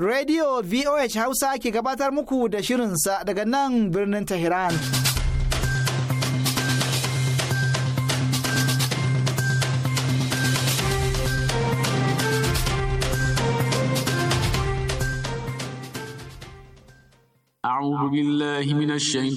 radio vior hausa ke gabatar muku da shirin sa daga nan birnin tehran. a abu biyar la himmi na shayin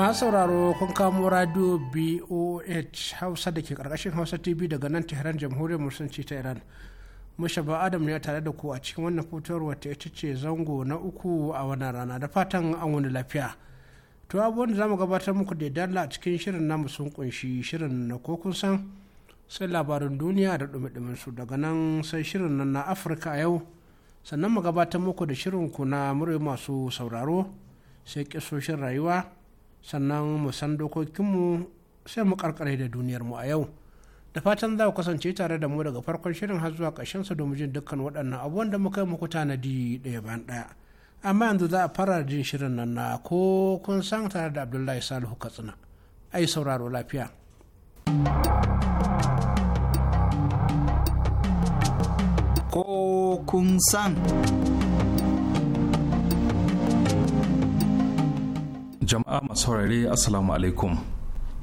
masu sauraro kun kamo radio boh hausa da ke karkashin hausa tv daga nan tehran jamhuriyar musulunci ta iran mushaba adam ne tare da ku a cikin wannan fitowar wata ita ce zango na uku a wannan rana da fatan an wani lafiya to abubuwan da zamu gabatar muku da dalla a cikin shirin namu sun kunshi shirin na ko kun san sai labarin duniya da dumi su daga nan sai shirin nan na afirka a yau sannan mu gabatar muku da shirin ku na murai masu sauraro sai kisoshin rayuwa sannan mu san dokokinmu sai mu karkare da duniyarmu a yau da fatan za ku kasance tare da mu daga farkon shirin har zuwa sa domin jin dukkan waɗannan abubuwan da muka yi muku tanadi ɗaya bayan ɗaya amma yanzu za a fara jin shirin nan na ko kun san tare da abdullahi salihu katsina ai sauraro lafiya ko kun san jama'a masu saurare assalamu alaikum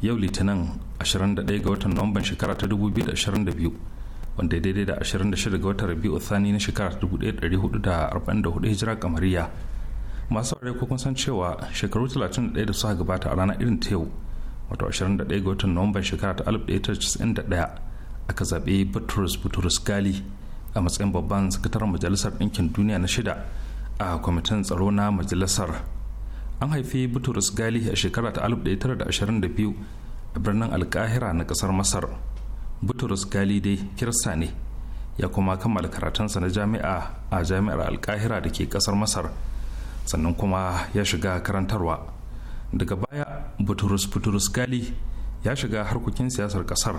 yau litinin 21 ga watan nuwamban shekara ta 2022 wanda daidai da 26 ga watan rabi'u thani na shekara 1444 hijira kamariya masu saurare ko kun san cewa shekaru 31 da suka gabata a ranar irin ta yau wato 21 ga watan nuwamban shekara ta 1991 aka zaɓe butrus butrus gali a matsayin babban sakataren majalisar ɗinkin duniya na shida a kwamitin tsaro na majalisar an haifi buturus gali a shekara ta 1922 a birnin alkahira na kasar masar buturus gali dai kirista ne ya kuma kammala karatunsa na jami'a a jami'ar alkahira da ke kasar masar sannan kuma ya shiga karantarwa daga baya Bitrus Bitrus gali ya shiga harkokin siyasar kasar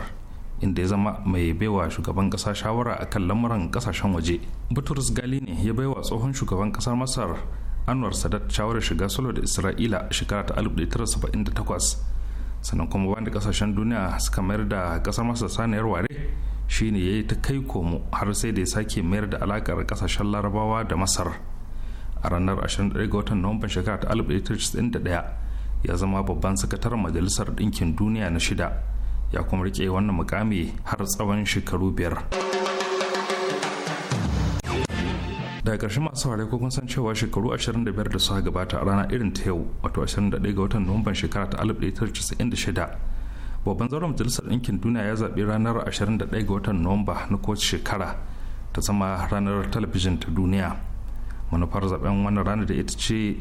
inda ya zama mai baiwa shugaban kasa shawara a kan lamuran kasashen waje butrus gali ne ya baiwa tsohon shugaban kasar masar anwar sadat shawarar shiga solo da isra'ila shekara ta 1978 sannan kuma wanda kasashen duniya suka mayar da kasar masar saniyar ware shine ya yi ta kai komo har sai da ya sake mayar da alakar kasashen larabawa da masar a ranar 21 ga watan nuwamban shekara ta 1991 ya zama babban sakataren majalisar ɗinkin duniya na shida ya kuma rike wannan mukami har tsawon shekaru biyar daga ƙarshen masu saurare ko kun san cewa shekaru 25 da suka gabata a rana irin ta yau wato 21 ga watan nuwamban shekara ta 1996 babban zauren majalisar ɗinkin duniya ya zaɓi ranar 21 ga watan nuwamba na kowace shekara ta zama ranar talabijin ta duniya manufar zaben wannan ranar da ita ce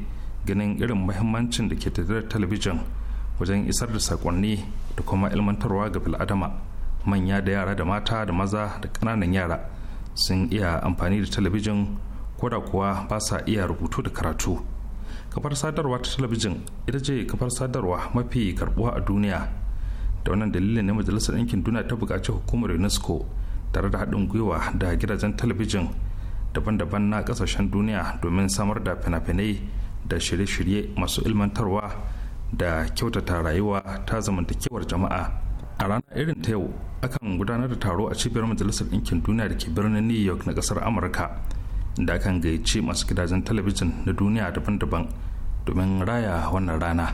ganin irin muhimmancin da ke tattare talabijin wajen isar da sakonni da kuma ilmantarwa ga bil'adama manya da yara da mata da maza da kananan yara sun iya amfani da talabijin ko da kuwa ba sa iya rubutu da karatu kafar sadarwa ta talabijin ita ce kafar sadarwa mafi karbuwa a duniya da wannan dalilin ne majalisar ɗinkin duniya ta buƙaci hukumar unesco tare da haɗin gwiwa da gidajen talabijin daban-daban na ƙasashen duniya domin samar da fina-finai da shirye-shirye masu ilmantarwa da kyautata rayuwa ta zamantakewar jama'a a ranar irin ta yau akan gudanar da taro a cibiyar majalisar ɗinkin duniya da ke birnin new york na ƙasar amurka da akan gayyaci masu gidajen talabijin na duniya daban-daban domin raya wannan rana.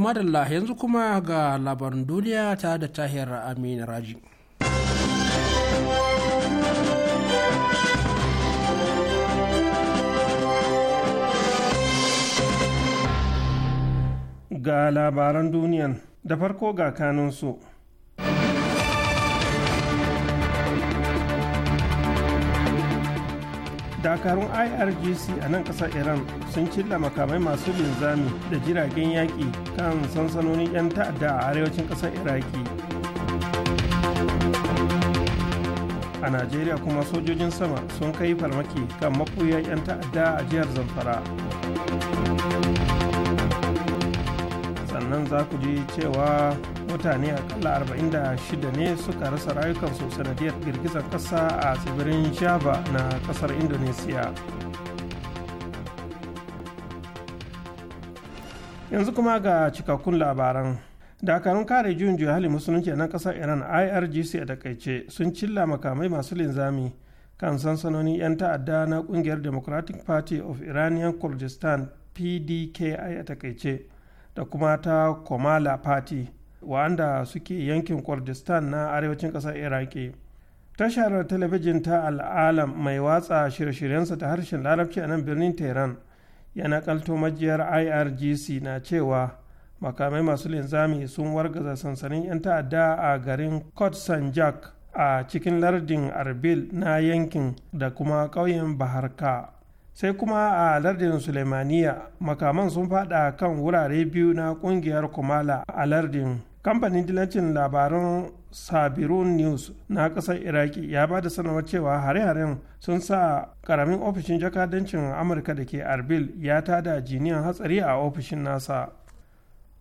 madalla yanzu kuma ga labarin duniya ta da tahir Amin Raji. Ga labaran duniyan da farko ga kanunsu. dakarun irgc a nan kasar iran sun cilla makamai masu linzami da jiragen yaƙi kan sansanonin 'yan ta'adda a arewacin kasar iraki a najeriya kuma sojojin sama sun kai farmaki kan makuya 'yan ta'adda a jihar zamfara sannan za ku ji cewa mutane akalla 46 ne suka rasa rayukansu sanadiyar girgizar kasa a tsibirin java na kasar indonesiya yanzu kuma ga cikakkun labaran dakarun kare juyin juya hali musulunci na kasar iran irgc a takaice sun cilla makamai masu linzami kan sansanonin 'yan ta'adda na kungiyar democratic party of iranian kurdistan pdki a takaice da kuma ta komala party wa'anda suke yankin kurdistan na arewacin ƙasar iraki tashar talabijin ta al'alam mai watsa shirye-shiryensa ta harshen larabci a nan birnin tehran yana kalto majiyar irgc na cewa makamai masu linzami sun wargaza sansanin 'yan ta'adda a garin kot sanjak a cikin lardin arbil na yankin da kuma ƙauyen baharka sai kuma a lardin sulemaniya makaman sun fada kan wurare biyu na kungiyar kumala a lardin kamfanin dillacin labaran sabirun news na kasar iraki ya ba da sanarwar cewa hare-haren sun sa karamin ofishin jakadancin amurka da ke arbil ya tada jiniyan hatsari a ofishin nasa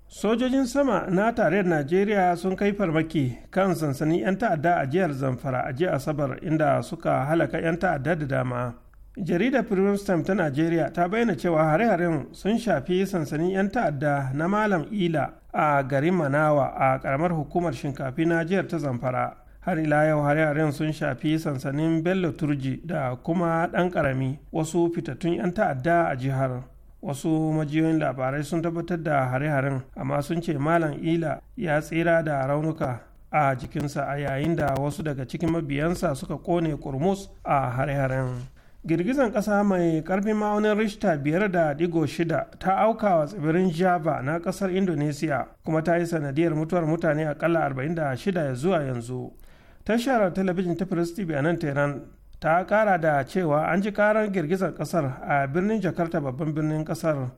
sojojin sama na tarayyar najeriya sun kai farmaki kan sansanin 'yan ta'adda a jihar zamfara a jiya asabar inda suka halaka 'yan ta'adda da dama jaridar Time ta najeriya ta bayyana cewa hare-haren sun shafi sansanin 'yan ta'adda na malam ila a garin manawa a karamar hukumar shinkafi na ta zamfara har ila yau hare-haren sun shafi sansanin bello turji da kuma Dan ƙarami wasu fitattun 'yan ta'adda a jihar wasu majiyoyin labarai sun tabbatar da hare-haren amma sun ce malam ila ya tsira da raunuka a jikinsa a yayin da wasu daga cikin mabiyansa suka kone kurmus a hare-haren girgizan ƙasa mai karfin ma'aunin rishta biyar da digo shida ta auka wa tsibirin java na kasar indonesia kuma ta yi sanadiyar mutuwar mutane akalla 46 ya zuwa yanzu tashar talabijin ta firis tv a nan tehran ta kara da cewa an ji karar girgizar kasar a birnin jakarta babban birnin kasar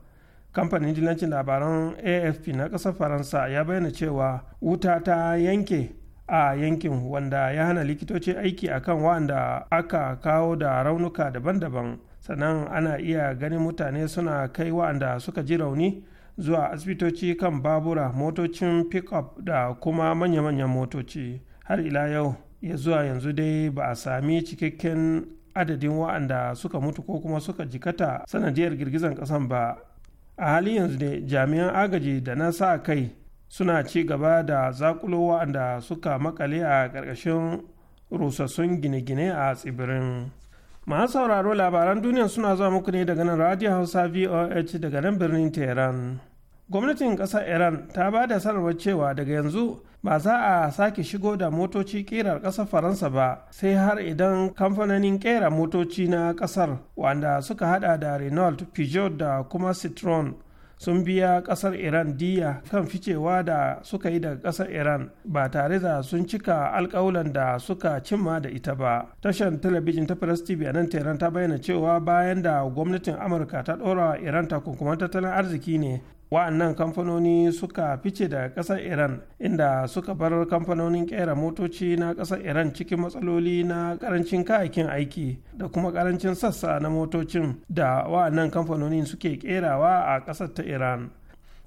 kamfanin jilancin labaran afp na kasar faransa ya bayyana cewa wuta ta yanke a yankin wanda ya hana likitoci aiki a kan wa'anda aka kawo da raunuka daban-daban sannan ana iya ganin mutane suna kai wa'anda suka ji rauni zuwa asibitoci kan babura motocin pickup da kuma manya-manyan motoci har ila yau ya zuwa yanzu dai ba a sami cikakken adadin wa'anda suka mutu ko kuma suka jikata sanadiyar girgizan ƙasan ba a halin yanzu ne jami'an agaji da na sa kai suna ci gaba da zakulo wa'anda suka makale a ƙarƙashin rusassun gine-gine a tsibirin masu sauraro labaran duniya suna zuwa muku ne daga nan radio hausa voh daga nan birnin tehran gwamnatin ƙasar iran ta ba da sanarwar cewa daga yanzu ba za a sake shigo da motoci ƙerar ƙasar faransa ba sai har idan kamfanonin ƙera motoci na ƙasar wanda suka hada da renault peugeot da kuma citroen sun biya kasar iran diya kan ficewa da suka yi daga kasar iran ba tare da sun cika alkawalan da suka cimma da ita ba tashar talabijin ta press tv a nan tehran ta bayyana cewa bayan da gwamnatin amurka ta ɗora iran takunkuman tattalin arziki ne wa'annan kamfanoni suka fice daga ƙasar iran inda suka bar kamfanonin ƙera motoci na ƙasar iran cikin matsaloli na ƙarancin kayakin aiki da kuma ƙarancin sassa na motocin da wa'annan kamfanonin suke ƙerawa a ƙasar ta iran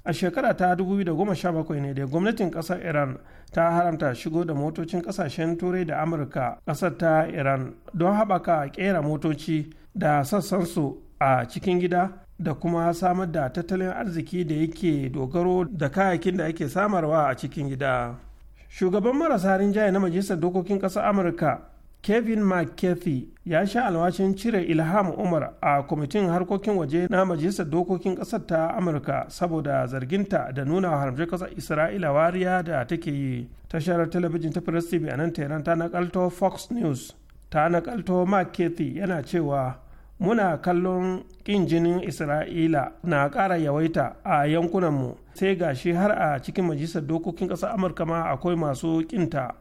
a shekara ta 2017 ne da gwamnatin ƙasar iran ta haramta shigo da motocin ƙasashen turai da amurka ƙasar ta iran don haɓaka ƙera motoci da sassansu a cikin gida da kuma samar da tattalin arziki da yake dogaro da kayayyakin da ake samarwa a cikin gida shugaban marasa rinjaye na majalisar dokokin ƙasar amurka kevin mccarthy ya sha alwashin cire ilham umar a kwamitin harkokin waje na majalisar dokokin ƙasar ta amurka saboda zarginta da nuna haramce ƙasar isra'ila wariya da take yi tashar talabijin ta press tv a nan ta nakalto fox news ta nakalto mccarthy yana cewa muna kallon ƙin jinin isra'ila na ƙara yawaita a yankunanmu sai ga shi har a cikin majalisar dokokin ƙasar amurka ma akwai masu ƙinta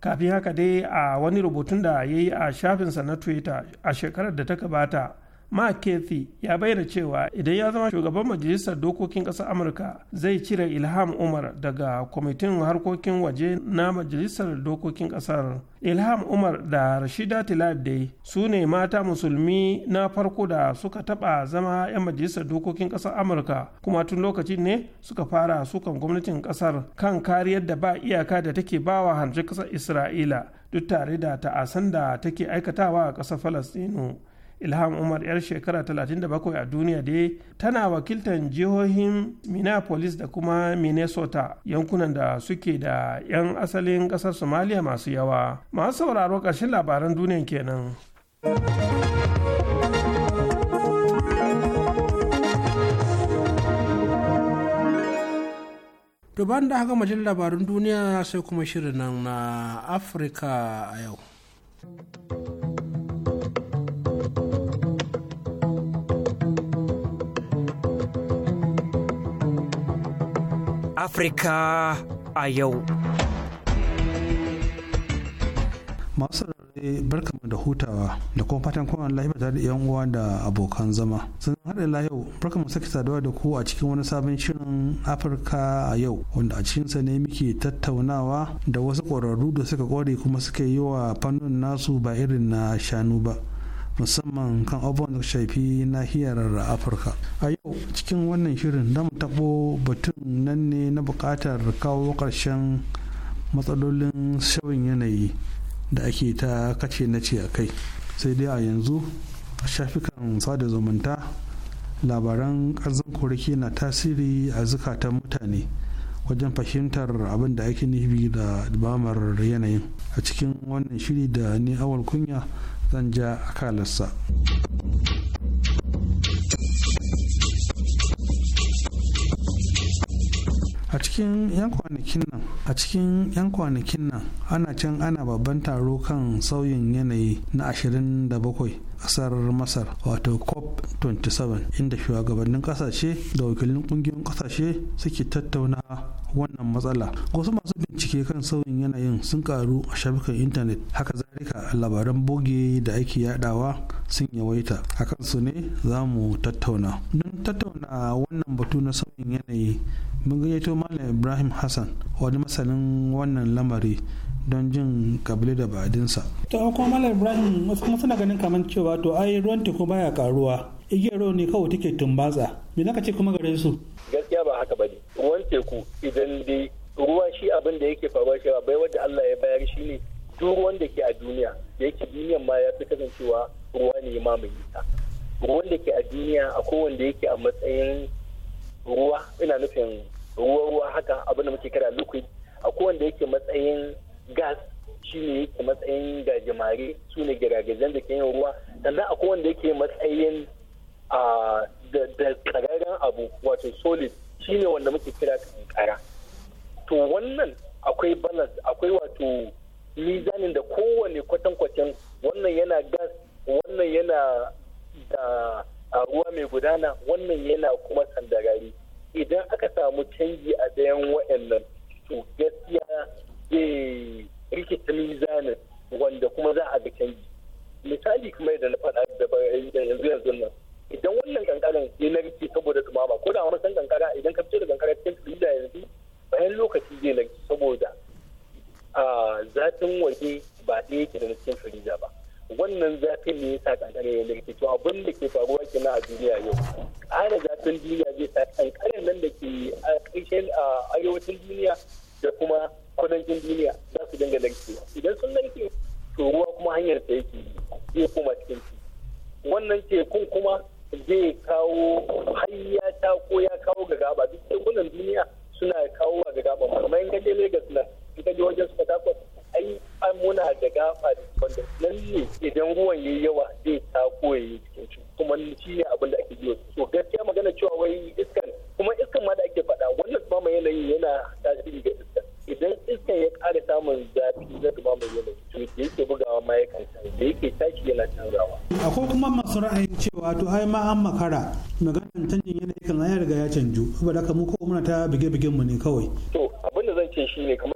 kafin haka dai a wani rubutun da ya yi a shafinsa na twitter a shekarar da ta gabata McCarthy ya bayyana cewa idan ya zama shugaban majalisar dokokin ƙasar Amurka zai cire Ilham Umar daga kwamitin harkokin waje na majalisar dokokin ƙasar. Ilham Umar da Rashida Tlaib dai su ne mata musulmi na farko da suka taɓa zama 'yan majalisar dokokin ƙasar Amurka kuma tun lokacin ne suka fara sukan gwamnatin ƙasar kan kariyar da ba iyaka da take bawa harjin ƙasar Isra'ila duk tare da ta'asan da take aikatawa a ƙasar Falastinu. ilham umar yar shekara 37 a duniya da tana wakiltar jihohin minneapolis da kuma minnesota yankunan da suke da 'yan asalin kasar somalia masu yawa masu sauraro ƙarshen labaran duniya kenan. To bayan da haka majin labarun duniya sai kuma shirin nan na Afirka a yau. Afirka a yau. Masu rarrabe barkamu da hutawa da kuma fatan kuma lafiya tare da yan uwa da abokan zama. Sun haɗa la yau barkamu sake saduwa da ku a cikin wani sabon shirin Afirka a yau wanda a cikinsa ne muke tattaunawa da wasu ƙwararru da suka ƙware kuma suka yi wa fannin nasu ba irin na shanu ba. musamman kan abubuwan da shafi nahiyar afirka a yau cikin wannan shirin da mu tabo batun nan ne na bukatar kawo ƙarshen matsalolin shawin yanayi da ake ta kace na ce a kai sai dai a yanzu a shafikan sada zumunta labaran ƙarzan koriki na tasiri a zukatan mutane wajen fahimtar abin da ake nufi da damar yanayin a cikin wannan shiri da ni awal kunya zan ja akalarsa a cikin 'yan kwanakin nan a cikin 'yan kwanakin nan ana can ana babban taro kan sauyin yanayi na 27 kasar masar wato cop 27 inda shugabannin kasashe da wakilin kungiyoyin kasashe suke tattauna wannan matsala wasu masu bincike kan sauyin yanayin sun karu a shafukan intanet haka zalika labaran boge da ake yadawa sun yawaita a kansu ne za mu tattauna don tattauna wannan batu na sauyin yanayi mun gayyato malam ibrahim hassan wani masanin wannan lamari don jin kabilu da ba'adinsa. to kuma malar ibrahim wasu kuma suna ganin kamar cewa to ai ruwan teku baya karuwa igiyar ne kawai take tumbatsa me zaka ce kuma gare su gaskiya ba haka ba ne ruwan teku idan dai ruwa shi abin da yake faruwa shi bai wanda Allah ya bayar shi ne duk ruwan da ke a duniya da yake duniyan ma ya fi kasancewa ruwa ne ya mai ta ruwan da ke a duniya akwai wanda yake a matsayin ruwa ina nufin ruwa ruwa haka abin da muke kira liquid a wanda yake matsayin gas shi ne yake matsayin gajimare su ne giragizen da ke yin ruwa sannan akwai wanda yake matsayin da tsararren abu wato solid shi ne wanda muke kira kankara to wannan akwai balance akwai wato mizanin da kowane kwatankwacin wannan yana gas wannan yana da ruwa mai gudana wannan yana kuma sandarari idan aka samu canji a dayan wa'annan to gaskiya zai rikita mizanin wanda kuma za a ga canji misali kuma yadda na faɗa da yanzu yanzu nan idan wannan kankaran ya narke saboda tumama ko da wani san kankara idan ka fito da kankara cikin firija yanzu bayan lokaci zai narke saboda a zafin waje ba ɗaya yake da cikin firija ba wannan zafin ne ya sa kankara ya rike to abin da ke faruwa kenan a duniya yau ƙara zafin duniya zai sa kankaran nan da ke a ƙarshen arewacin duniya da kuma kudancin duniya za su dinga narkewa idan sun lanke to ruwa kuma hanyar ta yake zai koma cikin su wannan tekun kuma zai kawo hayya ta ko ya kawo ga gaba duk tekunan duniya suna kawo ga gaba kamar in kaje Lagos na in kaje wajen su Fatakwal ai an muna da gaba da wanda nan ne idan ruwan yayi yawa zai tako yayi cikin su kuma shi ne abin da masu ra'ayin cewa to ai ma an makara maganin canjin yanayi kan ya riga ya canju saboda haka mu ko muna ta bige-bigen mu ne kawai to abin da zan ce shine kamar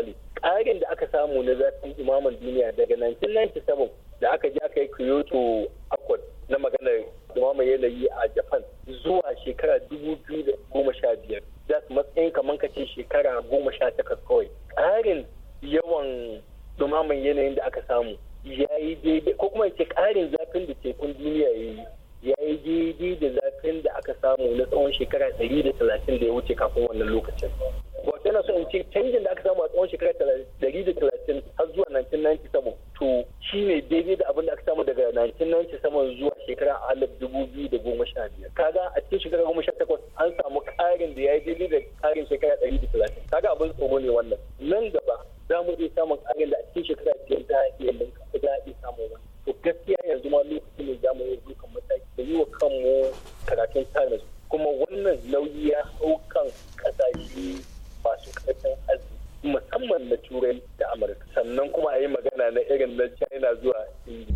misali ƙarin da aka samu na zafin imaman duniya daga 1997 da aka ji aka yi kyoto accord na maganar imaman yanayi a japan zuwa shekara 2015 za su matsayin kamar ka ce shekara 18 kawai ƙarin yawan dumaman yanayin da aka samu ya yi daidai ko kuma ce ƙarin zafin da tekun duniya ya yi ya yi daidai da zafin da aka samu na tsawon shekara 130 da ya wuce kafin wannan lokacin wato sun so in ce canjin da aka samu a tsawon shekarar dari da talatin har zuwa 1997 to shi ne daidai da abin da aka samu daga 1997 zuwa shekara alif dubu biyu da goma sha biyar kaga a cikin shekara goma sha takwas an samu ƙarin da ya yi daidai da ƙarin shekara dari da talatin kaga abin tsoro ne wannan nan gaba za mu iya samun ƙarin da a cikin shekara biyar za a iya linka za a iya samun wannan to gaskiya yanzu ma lokacin ne za mu iya dukan mataki da yi wa kanmu karatun tarihi kuma wannan nauyi ya hau kan ƙasashe masu karfin arziki musamman na turai da amurka sannan kuma a yi magana na irin na china zuwa india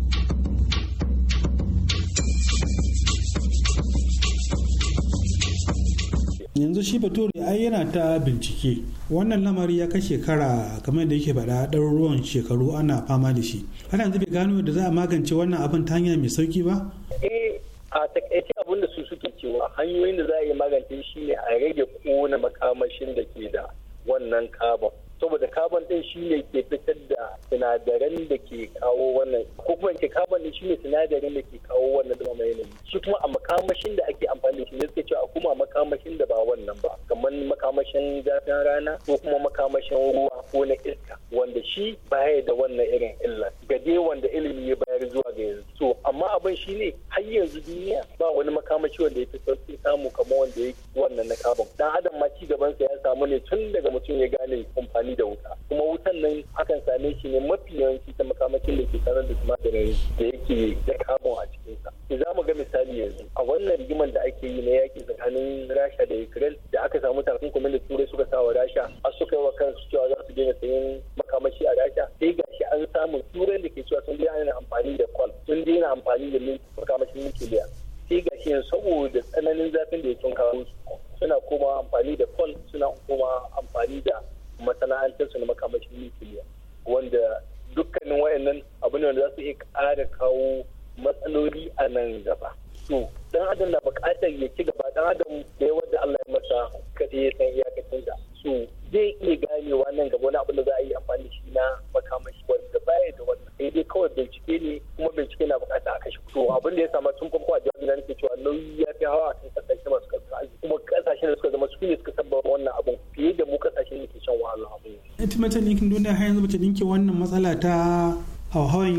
yanzu shi bature ai yana ta bincike wannan lamari ya kashe kara, kamar da yake faɗa ɗaruruwan shekaru ana fama da shi har yanzu bai gano da za a magance wannan abin ta hanya mai sauki ba eh a takaice abin da su suke cewa hanyoyin da za a yi magance shi ne a rage kona makamashin da ke da wannan kabon saboda kabon din shi ne ke fitar da sinadaran da ke kawo wannan ko kuma ke carbon din shi ne sinadarin da ke kawo wannan mai yanayi shi kuma a makamashin da ake amfani da shi ne suke cewa a kuma makamashin da ba wannan ba kamar makamashin zafin rana ko kuma makamashin ruwa ko na iska wanda shi baya da wannan irin illa ga dai wanda ilimi ya bayar zuwa ga yanzu to amma abin shi ne har yanzu duniya ba wani makamashi wanda ya fi sauki samu kamar wanda ya wannan na carbon dan adam ma ci gaban sa ya samu ne tun daga mutum ya gane amfani amfani da wuta kuma wutan nan akan same shi ne mafi yawanci ta makamakin da ke sanar da sinadarin da yake da kamun a cikinsa za mu ga misali yanzu a wannan rigimar da ake yi na yaki tsakanin rasha da ukraine da aka samu takunkumin da turai suka sa wa rasha a suka yi wa kansu cewa za su daina sayin makamashi a rasha sai gashi an samu turai da ke cewa sun daina amfani da kwal sun daina amfani da makamashin nukiliya sai ga shi saboda tsananin zafin da ya sun kawo suna kuma amfani da kwal suna kuma amfani da masana'antarsu na makamashin nukiliya wanda dukkanin wayannan abu ne wanda za su iya ƙara kawo matsaloli a nan gaba to dan adam na bukatar ya ci gaba dan adam da yawan da Allah ya masa kada ya san iyakacin da so zai iya ganewa nan gaba wani abu da za a yi amfani shi na makamashi wanda baya da wannan sai dai kawai bincike ne kuma bincike na bukata a kashe to abin da ya samu tun farko a jami'in nan cewa nauyi ya fi hawa a kan kasashe masu karfi kuma kasashen da suka zama su ne suka sabba wannan abun fiye da mu kasashen ne ke shan wahala abin. Ita ne kin duniya har yanzu bata ɗinke wannan matsala ta a hauhawan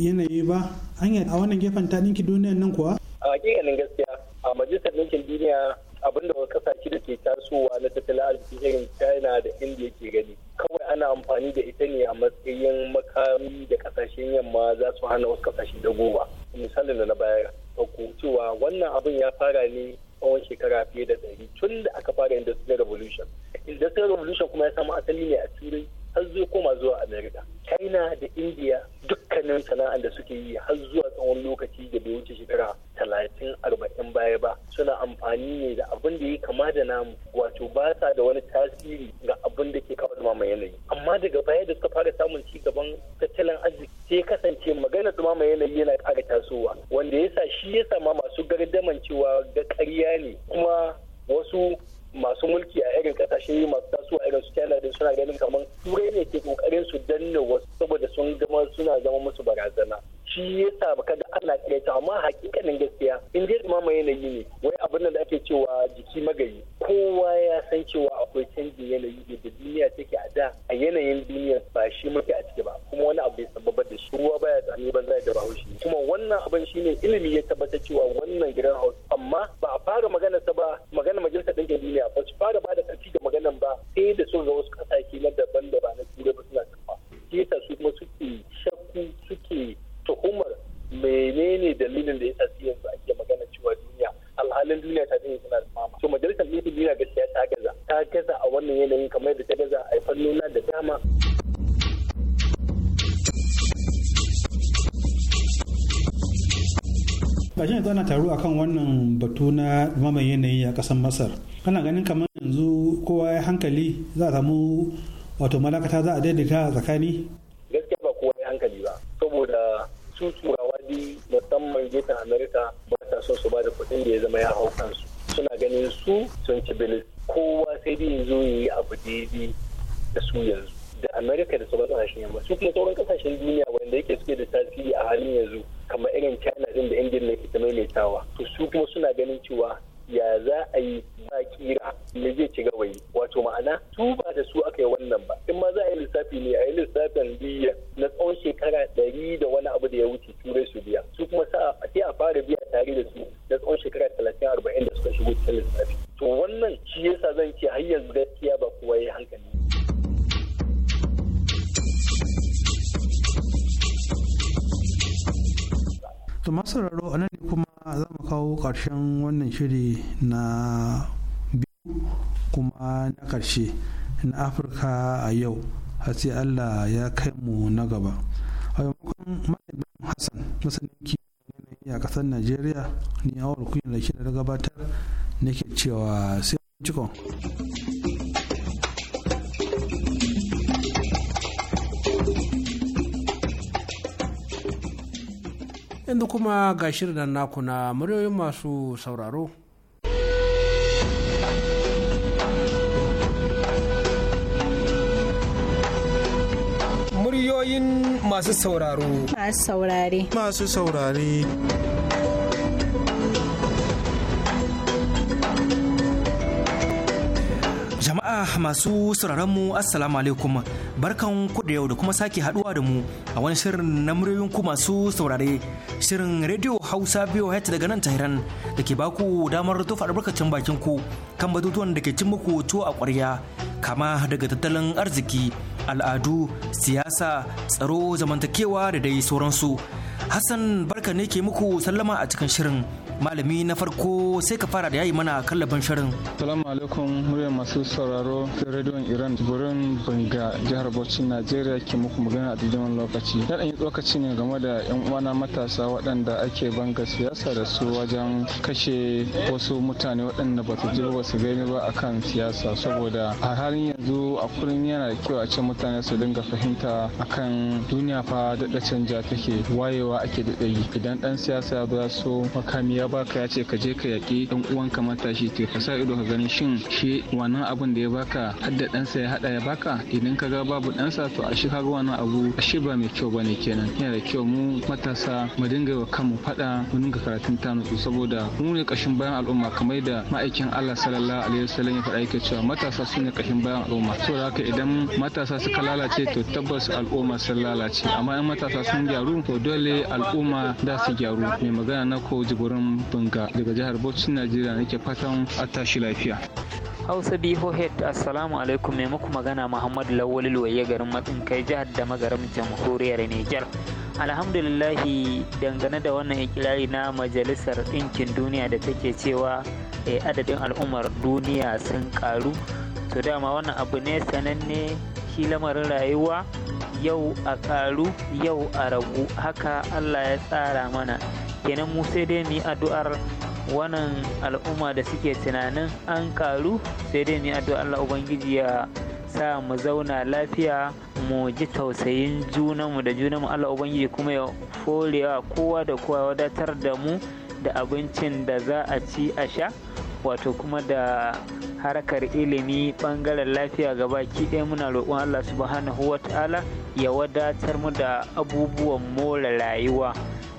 yanayi ba a wannan gefen ta ɗinki duniyan nan kuwa? a hakikalin gaskiya a majalisar ɗinkin duniya abin da kasashe da ke tasowa na tattalin arziki irin china da india ke gani kawai ana amfani da ita ne a matsayin makami da kasashen yamma za su hana wasu kasashe da goba misalin da na bayar ɗauko cewa wannan abin ya fara ne tsawon shekara fiye da ɗari tun da aka fara industrial revolution industrial revolution kuma ya samu asali ne a turai har zai koma zuwa america china da india dukkanin sana'ar da suke yi har zuwa tsawon lokaci da bai wuce shekara talatin arba'in baya ba suna amfani ne da abin da ya kama da namu wato ba sa da wani tasiri ga abin da ke kawo dumaman yanayi amma daga baya da suka fara samun ci gaban tattalin arziki sai kasance magana dumaman yanayi yana ƙara tasowa wanda yasa shi ya sama masu gardaman cewa ga ƙarya ne kuma wasu masu mulki a irin kasashe masu su a irin china din suna ganin kamar turai ne ke kokarin su danne wasu saboda sun gama suna zama musu barazana shi yasa baka ga ana ta amma hakikanin gaskiya in dai ma yanayi ne wai abin da ake cewa jiki magayi kowa ya san cewa akwai canjin yanayi da duniya take a da a yanayin duniya ba shi muke a ciki ba kuma wani abu ya sababa da shi ruwa baya tsami banza da bahaushe kuma wannan abin shi ne ilimi ya tabbata cewa wannan gidan house amma ba a fara magana ta ba magana majalisar ɗinkin duniya ba su fara ba da maganan ba sai da sun ga wasu kasashe na daban da ba na turai ba suna kafa shi yasa su kuma suke shakku suke tuhumar menene dalilin da yasa su yanzu ake magana cewa duniya alhalin duniya ta zai suna da mama to majalisar ɗin duniya gaskiya ta gaza ta gaza a wannan yanayin kamar yadda ta gaza a fannona da dama gashi yanzu ana taro akan wannan batu na mamaye yanayi a ƙasar masar kana ganin kamar yanzu kowa ya hankali za a samu wato malakata za a daidaita a tsakani gaskiya ba kowa ya hankali ba saboda su turawa dai musamman gefen amerika ba ta son su ba da kuɗin da ya zama ya hau kansu suna ganin su sun ci bilis kowa sai dai yanzu yi abu daidai da su yanzu da amerika da sauran kasashen yamma su kuma sauran kasashen duniya wanda yake suke da tasiri a halin yanzu kamar irin china din da ingila ke ta maimaitawa to su kuma suna ganin cewa ya za a yi kira me zai ci gaba wato ma'ana su ba da su aka yi wannan ba in ma za a yi lissafi ne a yi lissafin biya na tsawon shekara ɗari da wani abu da ya wuce turai su biya su kuma sa sai a fara biya tare da su na tsawon shekara talatin arba'in da suka shigo cikin lissafi to wannan shi yasa zan ce har yanzu gaskiya ba kowa ya yi hankali To masu raro a nan ne kuma za mu kawo ƙarshen wannan shiri na kuma na ƙarshe na afirka a yau sai allah ya kai mu na gaba a yankun malam hassan masanin kiwon yanayi a ƙasar najeriya ne awar kuyin da ke da gabatar ke cewa sai cikon yanzu kuma ga shirin naku na muryoyin masu sauraro ra'ayoyin masu sauraro. Masu saurare. Masu saurare. Jama'a masu sauraron mu Assalamu alaikum barkan ku da yau da kuma sake haduwa da mu a wani shirin na muryoyin ku masu saurare shirin Radio Hausa biyo daga nan Tahiran da ke baku damar tofa albarkacin bakin ku kan batutuwan da ke cin muku tuwo a ƙwarya kama daga tattalin arziki al'adu siyasa tsaro zamantakewa da dai sauransu hassan barka ne ke muku sallama a cikin shirin malami na farko sai ka fara da yayi mana kallaban shirin salamu alaikum muryar masu sauraro da rediyon iran burin banga jihar bauchi najeriya ke muku magana a dijiman lokaci na ɗan yi tsokaci ne game da yan uwana matasa waɗanda ake banga siyasa da su wajen kashe wasu mutane waɗanda ba su ji ba su gani ba akan siyasa saboda a halin yanzu a kullum yana da kyau a ce mutane su dinga fahimta akan duniya fa da canja take wayewa ake daɗa idan ɗan siyasa ya zo so makamiya ya baka ya ce ka je ka yaƙi ɗan uwanka matashi to ka sa ido ka ganin shin shi wannan abin da ya baka hadda ɗansa ya haɗa ya baka idan ka ga babu ɗansa to a shi kaga wannan abu shi ba mai kyau bane kenan yana da kyau mu matasa mu dinga wa kanmu faɗa mu dinga karatun nutsu saboda mu ne ƙashin bayan al'umma kamar da ma'aikin Allah sallallahu alaihi wasallam ya faɗa yake cewa matasa su ne ƙashin bayan al'umma saboda haka idan matasa suka lalace to tabbas al'umma sun lalace amma in matasa sun gyaru to dole al'umma za su gyaru mai magana na ko jigorin Malam daga jihar Bauchi Najeriya nake fatan a tashi lafiya. Hausa Bihohet Assalamu alaikum mai muku magana muhammadu Lawal Luwaye garin Matsin kai jihar da magaram jamhuriyar Nijar. Alhamdulillahi dangane da wannan ikirari na Majalisar Ɗinkin Duniya da take cewa eh, adadin al'ummar duniya sun karu. To dama wannan abu ne sananne shi lamarin rayuwa yau a karu yau a ragu haka Allah ya tsara mana. kenan mu sai dai mu yi addu'ar wannan al'umma da suke tunanin an karu sai dai mu yi addu'ar Allah ubangiji ya sa mu zauna lafiya mu ji tausayin junanmu da junanmu Allah ubangiji kuma ya forewa kowa da kowa wadatar da mu da abincin da za a ci a sha wato kuma da harkar ilimi bangaren lafiya gaba ɗaya muna roƙon Allah subhanahu wa ta'ala ya wadatar mu da abubuwan more rayuwa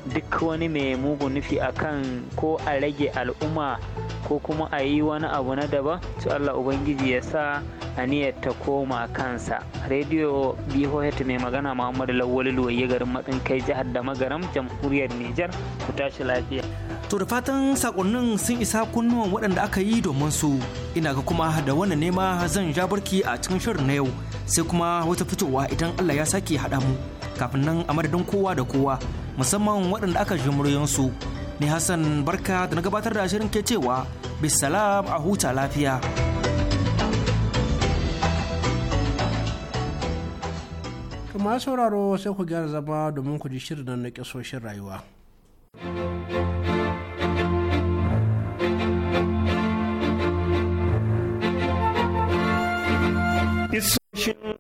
duk wani mai mugun nufi akan ko a rage al'umma ko kuma a yi wani abu na daban to Allah ubangiji ya sa aniyar ta koma kansa rediyo bihohet mai magana muhammadu lawal luwaiye garin matsin kai jihar da magaram jamhuriyar nijar ku tashi lafiya to da fatan sakonnin sun isa kunnuwan waɗanda aka yi domin su ina ga kuma da wannan nema zan ja barki a cikin shirin na yau sai kuma wata fitowa idan Allah ya sake haɗa mu kafin nan a madadin kowa da kowa musamman waɗanda aka muryansu ni hassan barka da na gabatar da shirin ke cewa bisalam a huta lafiya kuma sauraro sai ku gyara zama domin ku ji shirin na kisoshin rayuwa Kisoshin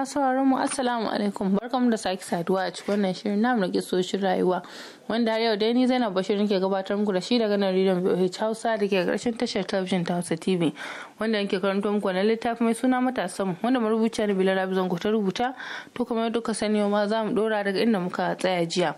masu sauraron mu assalamu alaikum barkamu da sake saduwa a cikin wannan shirin namu na kisoshin rayuwa wanda har yau dai ni Zainab Bashir nake gabatar muku da shi daga nan rediyon BOH Hausa da ke karshen tashar talabijin ta Hausa TV wanda nake karanto muku na littafi mai suna matasan mu wanda marubuciya da Bilal Rabi Zango ta rubuta to kamar yadda kuka sani ma za mu dora daga inda muka tsaya jiya.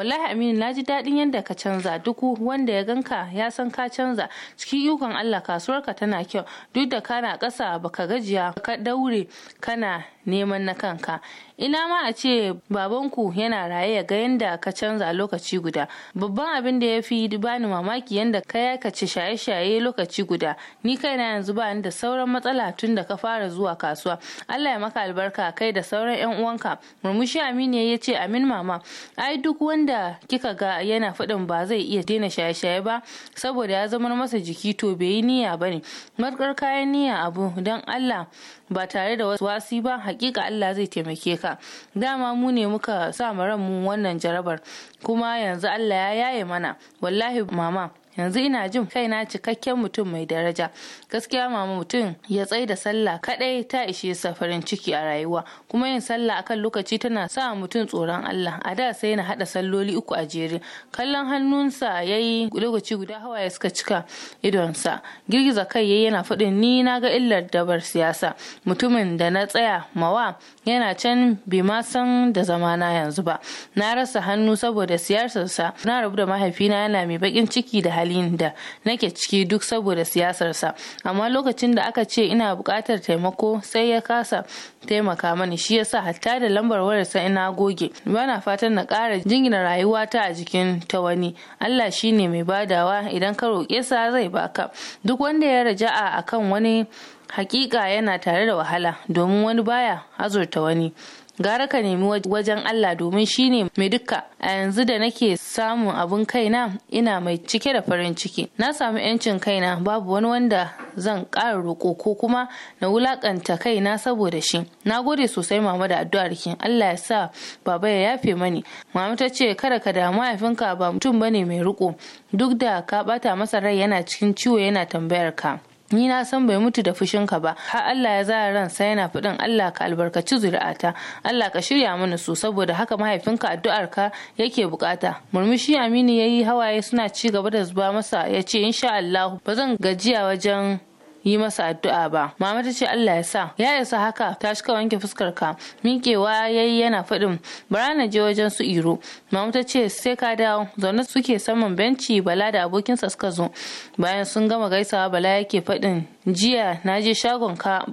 wallahi aminu na ji daɗin yadda ka canza duk wanda ya ganka ya san ka canza cikin ikon allah kasuwarka tana kyau duk da kana ƙasa baka gajiya ka daure kana neman na kanka ina ma a ce babanku yana raye ya ga yadda ka canza lokaci guda babban abin da ya fi bani mamaki yadda ka yakace shaye-shaye lokaci guda ni kaina yanzu ba da sauran matsala tun da ka fara zuwa kasuwa Allah ya maka albarka kai da sauran yan uwanka murmushi Aminu ya ce amin mama ai duk wanda kika ga yana faɗin ba zai iya daina shaye-shaye ba saboda ya zama masa jiki to bai yi niyya ba ne markar kayan niyya abu don Allah ba tare da wasu wasi ba hakika Allah zai taimake ka dama mu ne muka sa mu mu wannan jarabar kuma yanzu Allah ya yaye mana wallahi mama yanzu ina jin kaina cikakken mutum mai daraja gaskiya mama mutum ya tsai da sallah kadai ta ishe sa farin ciki a rayuwa kuma yin sallah akan lokaci tana sa mutum tsoron Allah a da sai na hada salloli uku a jere kallon hannunsa yayi lokaci guda hawaye suka cika idonsa girgiza kai yayi yana faɗin ni na ga illar dabar siyasa mutumin da na tsaya mawa yana can bi ma san da zamana yanzu ba na rasa hannu saboda siyasarsa na rabu da mahaifina yana mai bakin ciki da hali halin da nake ciki duk saboda siyasarsa amma lokacin da aka ce ina bukatar taimako sai ya kasa taimaka mani shi yasa hatta da lambar wayarsa ina goge bana fatan na ƙara jingina rayuwa ta a jikin ta wani Allah shine mai badawa idan ka roƙe sa zai baka duk wanda ya raja'a akan wani hakika yana tare da wahala domin wani baya azurta wani gara ka nemi wajen Allah domin shi ne mai duka a yanzu da nake samun abin kaina ina mai cike da farin ciki na samu yancin kaina babu wani wanda zan kara roƙo ko kuma na wulaƙanta kaina saboda shi na gode sosai mama da addu'ar ki Allah ya sa baba ya yafe mani mama ta ce kada ka da mahaifinka ba mutum bane mai riko duk da ka bata masa rai yana cikin ciwo yana tambayar ka ni na san bai mutu da fushinka ba har Allah ya zara ran sai yana faɗin Allah ka albarkaci zuri'ata Allah ka shirya mana su saboda haka mahaifinka addu'ar ka yake bukata murmushi Aminu yayi hawaye suna ci gaba da zuba masa ya ce insha Allah ba zan gajiya wajen yi masa addu'a ba mama ta ce Allah ya sa ya isa haka ta shika wanke fuskar ka miƙewa yayi yana faɗin bara na je wajen su iro mama ta ce sai ka dawo zaune suke saman benci bala da abokinsa suka zo bayan sun gama gaisawa bala yake faɗin jiya na je shagon ka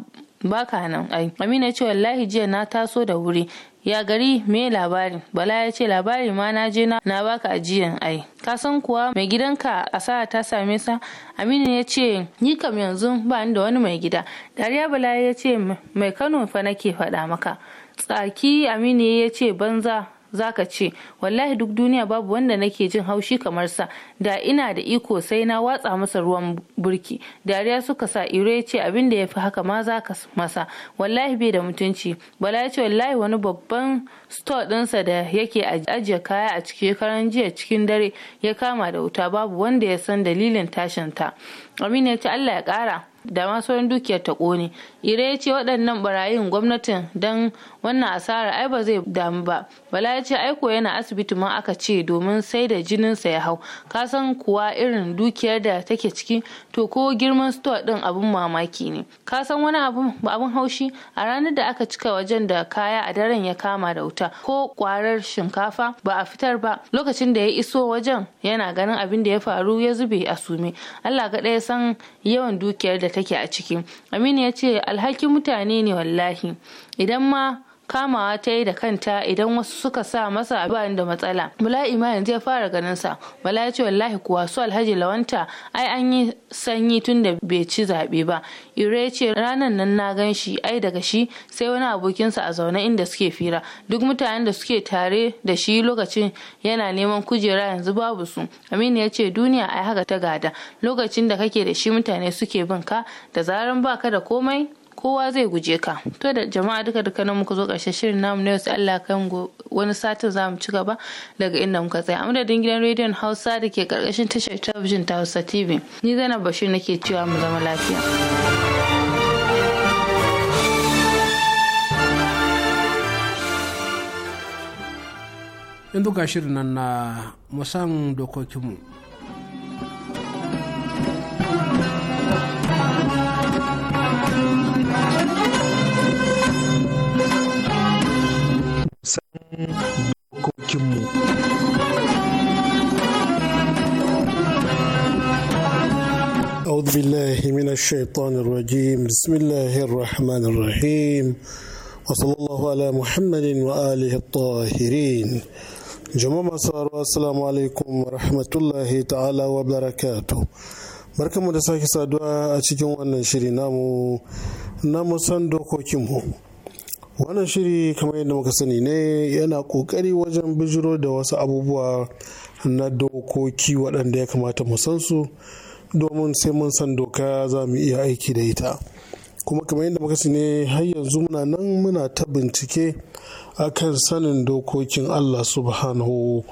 baka nan ai amina ce wallahi jiya na taso da wuri ya gari me labari bala ya ce labari ma na je na baka ajiyan ai ka san kuwa mai gidanka asara ta same sa aminu ya ce ni kam yanzu ba ni da wani mai gida dariya bala ya ce mai kano fa nake faɗa maka tsaki aminu ya ce banza zaka ce wallahi duk duniya babu wanda nake jin haushi kamar sa da ina da iko sai na watsa masa ruwan burki dariya suka sa iro ya ce abin da ya fi haka ma zaka masa wallahi bai da mutunci bala ya ce wallahi wani babban store dinsa da yake ajiye kaya a cikin karan jiya cikin dare ya kama da wuta babu wanda ya san dalilin tashin ta amina ya ce allah ya kara da ma sauran dukiyar ta kone ire ya ce waɗannan barayin gwamnatin don wannan asara ai ba zai damu ba bala ya ce aiko yana asibiti ma aka ce domin sai da jininsa ya hau ka san kuwa irin dukiyar da take ciki to ko girman store din abin mamaki ne ka san wani abin haushi a ranar da aka cika wajen da kaya a daren ya kama da wuta ko kwarar shinkafa ba a fitar ba lokacin da ya iso wajen yana ganin abin da ya faru ya zube a sume allah ga ɗaya san yawan dukiyar da take a ciki aminu ya ce alhakin mutane ne wallahi idan ma kamawa ta yi da kanta idan wasu suka sa masa abin da matsala bala'i ma yanzu ya fara ganin sa bala ya ce wallahi kuwa su alhaji lawanta ai an yi sanyi tun da bai ci zaɓe ba ire ce ranar nan na gan shi ai daga shi sai wani abokinsa a zaune inda suke fira duk mutanen da suke tare da shi lokacin yana neman kujera yanzu babu su aminu ya ce duniya ai haka ta gada lokacin da kake da shi mutane suke bin ka da zaran baka da komai kowa zai guje ka to da jama'a duka duka nan muka zo ƙarshen shirin namu na yau sai Allah kan wani satin za mu ci gaba daga inda muka tsaya amadadin gidan rediyon Hausa da ke karkashin tashar talabijin ta Hausa TV ni Zainab Bashir nake cewa mu zama lafiya yanzu ga shirin nan na musan dokokinmu أعوذ بالله من الشيطان الرجيم بسم الله الرحمن الرحيم وصلى الله على محمد وآله الطاهرين جمع مصار والسلام عليكم ورحمة الله تعالى وبركاته بركم ودساك سادوا أتجمع أن نشري نامو نامو سندو كوكيمو wannan shiri kamar yadda muka sani ne yana kokari wajen bijiro da wasu abubuwa na dokoki waɗanda ya kamata mu san su domin sai mun san doka za mu iya aiki da ita kuma kamar yadda muka sani har yanzu muna nan muna ta bincike akan sanin dokokin allah subhanahu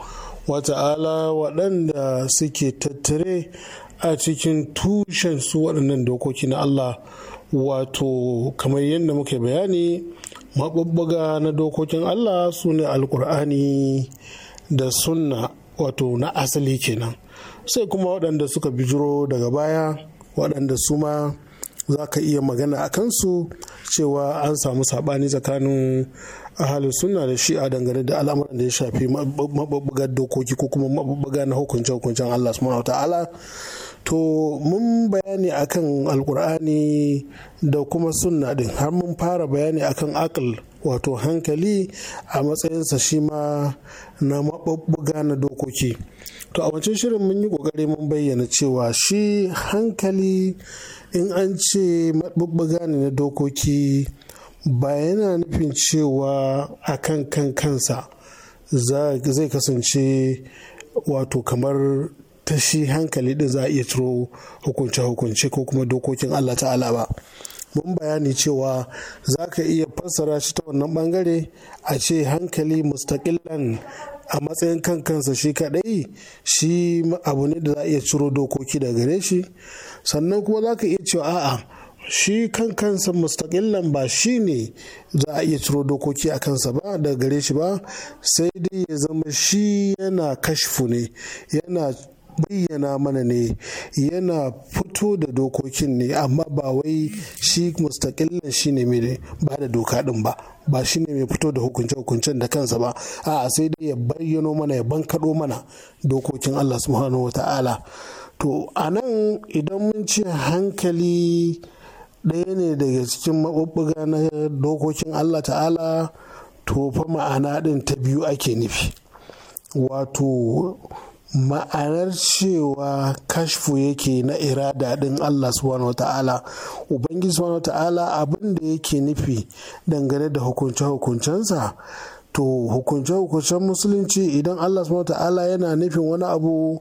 wata'ala waɗanda suke tattare a cikin tushen su waɗannan dokoki na allah wato kamar yadda muka bayani maɓuɓɓuga na dokokin Allah su ne alkur'ani da sunna wato na asali kenan sai kuma waɗanda suka bijiro daga baya waɗanda su ma za ka iya magana a kansu cewa an samu saɓani tsakanin ahalin sunna da shi'a dangane da al'amuran da ya shafi maɓuɓɓugar dokoki ko kuma maɓuɓɓuga na hukuncen hukuncen Allah subhanahu wa ta'ala to mun bayani akan alkur'ani da kuma sunna din har mun fara bayani akan akal wato hankali a matsayinsa shi ma na maɓuɓɓuga na dokoki to a wancan shirin mun yi ƙoƙari mun bayyana cewa shi hankali in an ce maɓuɓɓuga ne na dokoki ba yana nufin cewa akan kan kansa zai kasance wato kamar ta shi hankali din za a iya ciro hukunce-hukunce ko kuma dokokin Allah ta'ala ba mun bayani cewa za ka iya fassara shi ta wannan bangare a ce hankali mustaƙillan a matsayin kan kansa shi kaɗai shi abu ne da za a iya ciro dokoki daga gare shi sannan kuma za ka iya cewa a'a shi kan kansa mustaƙillan ba shi ne za a iya ciro dokoki a kansa ba daga gare shi ba sai dai ya zama shi yana kashfu ne yana bayyana mana ne yana fito da dokokin ne amma ba wai shi mustaƙillan shi ne mai ba da doka ɗin ba ba shi ne mai fito da hukunce-hukuncen da kansa ba a sai dai ya bayyano mana ya bankaɗo mana dokokin allah subhanahu wa ta'ala to a nan idan mun ce hankali ɗaya ne daga cikin maɓuɓɓuga na dokokin allah ta'ala to fa ma'ana ɗin ta biyu ake nufi wato ma'anar cewa kashfu yake na irada din Allah subhanahu wata'ala ubangiji subhanahu wata'ala abin da yake nufi dangane da hukunce-hukuncensa to hukunce-hukuncen musulunci idan Allah subhanahu wata'ala yana nufin wani abu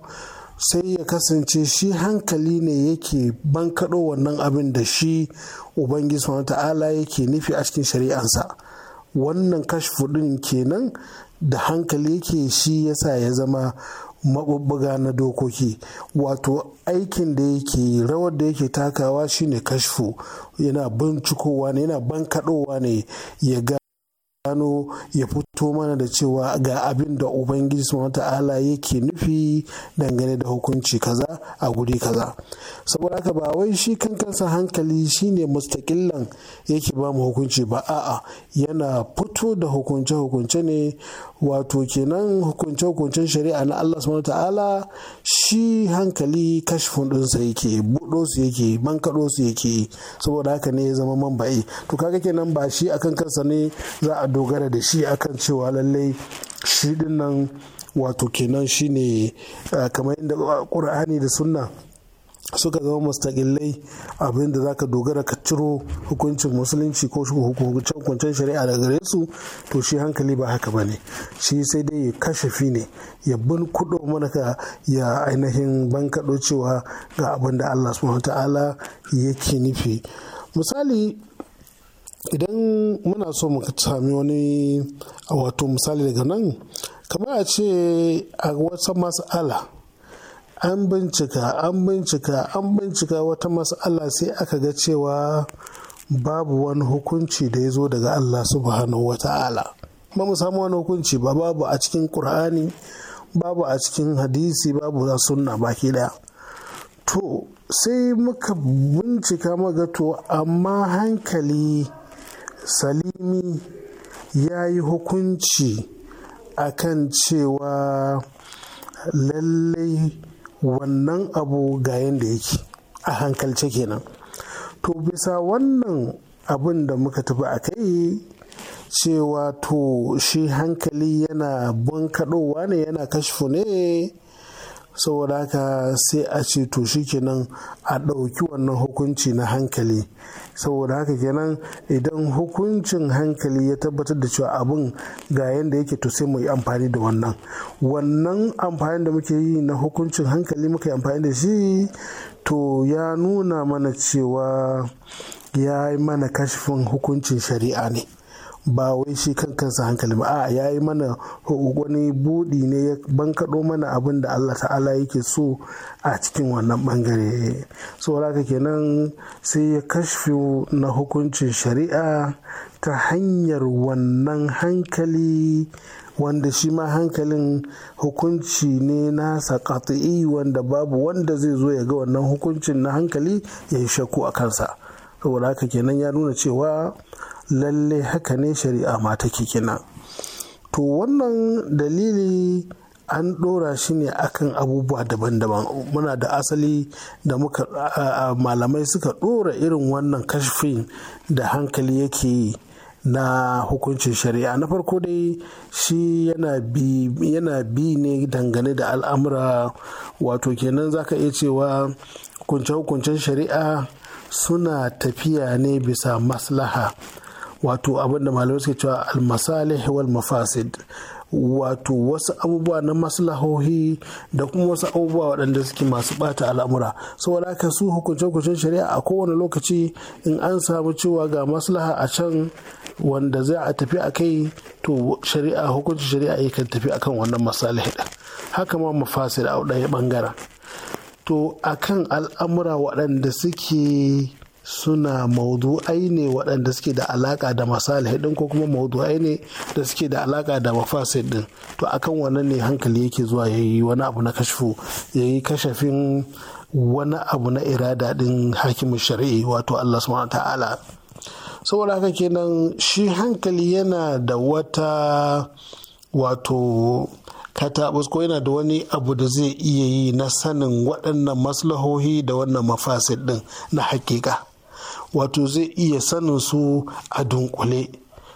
sai ya kasance shi hankali ne yake bankaɗo wannan abin da shi ubangiji subhanahu wata'ala yake nufi a cikin shari'ansa wannan kashfu din kenan da hankali yake shi yasa ya zama maɓuɓɓuga na dokoki wato aikin da yake rawar da yake takawa shine kashfu yana bincikowa ne yana bankaɗowa ne ya gano ya fito to mana da cewa ga abin da ubangiji subhanahu ta'ala yake nufi dangane da hukunci kaza a guri kaza saboda haka ba wai shi kankansa hankali shine mustaƙillan yake ba mu hukunci ba a'a yana fito da hukunce hukunce ne wato kenan hukunce hukuncen shari'a na Allah subhanahu ta'ala shi hankali kashfin ɗinsa yake buɗo su yake bankaɗo su yake saboda haka ne ya zama man ba'i to kaga kenan ba shi akan kansa ne za a dogara da shi akan cewa lallai shi dinnan wato kenan shine eh, kamar inda ƙur'ani eh, da sunna suka zama mustaƙillai abin da zaka dogara ka ciro hukuncin musulunci ko hukuncin kwancen shari'a da gare su to shi hankali ba haka bane shi sai dai ya kashafi ne ya bin kudo mana ka ya ainihin bankaɗo cewa ga abin da Allah subhanahu ta'ala yake nufi misali idan muna so mu sami wani wato misali daga nan kamar a ce a wata mas'ala an bincika an bincika an bincika wata mas'ala sai aka ga cewa babu wani hukunci da ya zo daga Allah subhanahu wa ta'ala ba mu samu wani hukunci ba babu a cikin ƙur'ani babu a cikin hadisi babu a sunna baki daya to sai muka bincika maga to amma hankali salimi ya yi hukunci a kan cewa lallai wannan abu ga yadda yake a hankalce kenan to bisa wannan abin da muka tafi a kai cewa to shi hankali yana bankaɗowa ne yana kashfu ne saboda haka sai a ce to shi kenan a ɗauki wannan hukunci na hankali saboda haka kenan idan hukuncin hankali ya tabbatar da cewa abin ga yadda yake to sai mu yi amfani da wannan wannan amfani da muke yi na hukuncin hankali muka yi amfani da shi to ya nuna mana cewa ya yi mana kashifin hukuncin shari'a ne ba wai shi kan kansa hankali ba a ya yi mana wani budi ne ya bankado mana abin da Allah ta'ala yake so a cikin wannan bangare saboda kenan sai ya kashfi na hukuncin shari'a ta hanyar wannan hankali wanda shi ma hankalin hukunci ne na sakatai wanda babu wanda zai zo ya ga wannan hukuncin na hankali ya yi shakku a kansa saboda haka kenan ya nuna cewa lalle haka ne shari'a ma take kina to wannan dalili an ɗora shi ne akan abubuwa daban-daban muna da asali da muka malamai suka ɗora irin wannan kashfin da hankali yake yi na hukuncin shari'a na farko dai shi yana bi, yana bi ne dangane da al'amura wato kenan zaka iya cewa hukunce-hukuncen shari'a suna tafiya ne bisa maslaha wato abinda malamai suke cewa almasalih wal mafasid wato wasu abubuwa na maslahohi da kuma wasu abubuwa waɗanda suke masu bata al'amura saboda haka su hukunce hukuncen shari'a a kowane lokaci in an samu cewa ga maslaha a can wanda zai a tafi a kai to shari'a hukuncin shari'a yakan tafi akan wannan masalih din haka ma mafasid a ɗaya ɓangaren to akan al'amura waɗanda suke suna maudu'ai ne waɗanda suke da alaƙa da masalih ko kuma maudu'ai ne da suke da alaƙa da mafasid ɗin to akan wannan ne hankali yake zuwa ya yi wani abu na kashfu ya yi kashafin wani abu na irada ɗin hakimin shari'i wato Allah subhanahu ta'ala saboda haka kenan shi hankali yana da wata wato katabus ko yana da wani abu da zai iya yi na sanin waɗannan maslahohi da wannan mafasid ɗin na hakika wato zai iya sanin su a dunkule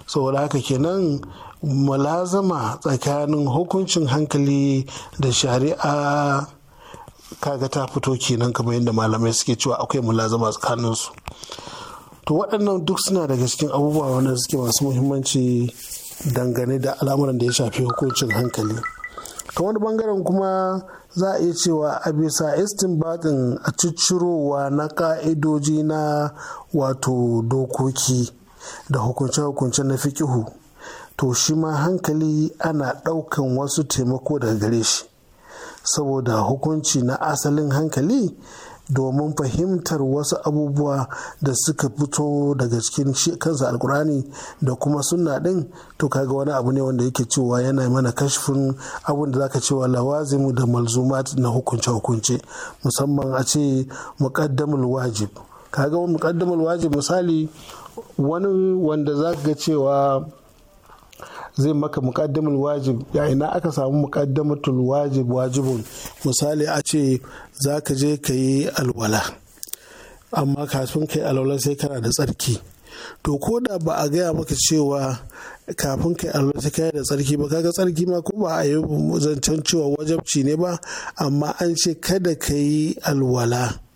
saboda haka kenan mulazama tsakanin hukuncin hankali da shari'a kaga ta fito kenan kamar yadda malamai suke cewa akwai mulazama tsakanin su to waɗannan duk suna daga cikin abubuwa wanda suke masu muhimmanci dangane da al'amuran da ya shafi hukuncin hankali. ta wani bangaren kuma za a iya cewa a bisa istinbatin a ciccirowa na ka'idoji na wato dokoki da hukunce-hukunce na fikihu to shi ma hankali ana ɗaukan wasu taimako daga gare shi saboda hukunci na asalin hankali domin fahimtar wasu abubuwa da suka fito daga cikin kansa alkurani da kuma sunna din to kaga wani abu ne wanda yake cewa yana mana kashfin abin da zaka cewa lawazimu da malzumat na hukunce hukunce musamman a ce muqaddamul wajib kaga muqaddamul wajib misali wani wanda zaka ga cewa zai maka muqaddamul wajib ya ina aka samu muƙaddamatul wajib wajibun misali a ce za ka je ka yi alwala amma kafin ka yi alwala sai kana da tsarki to ko da ba a gaya maka cewa kafin ka yi kai sai kana da tsarki ba kaga tsarki ma ko ba a yi zancen cewa wajabci ne ba amma an ce kada ka yi alwala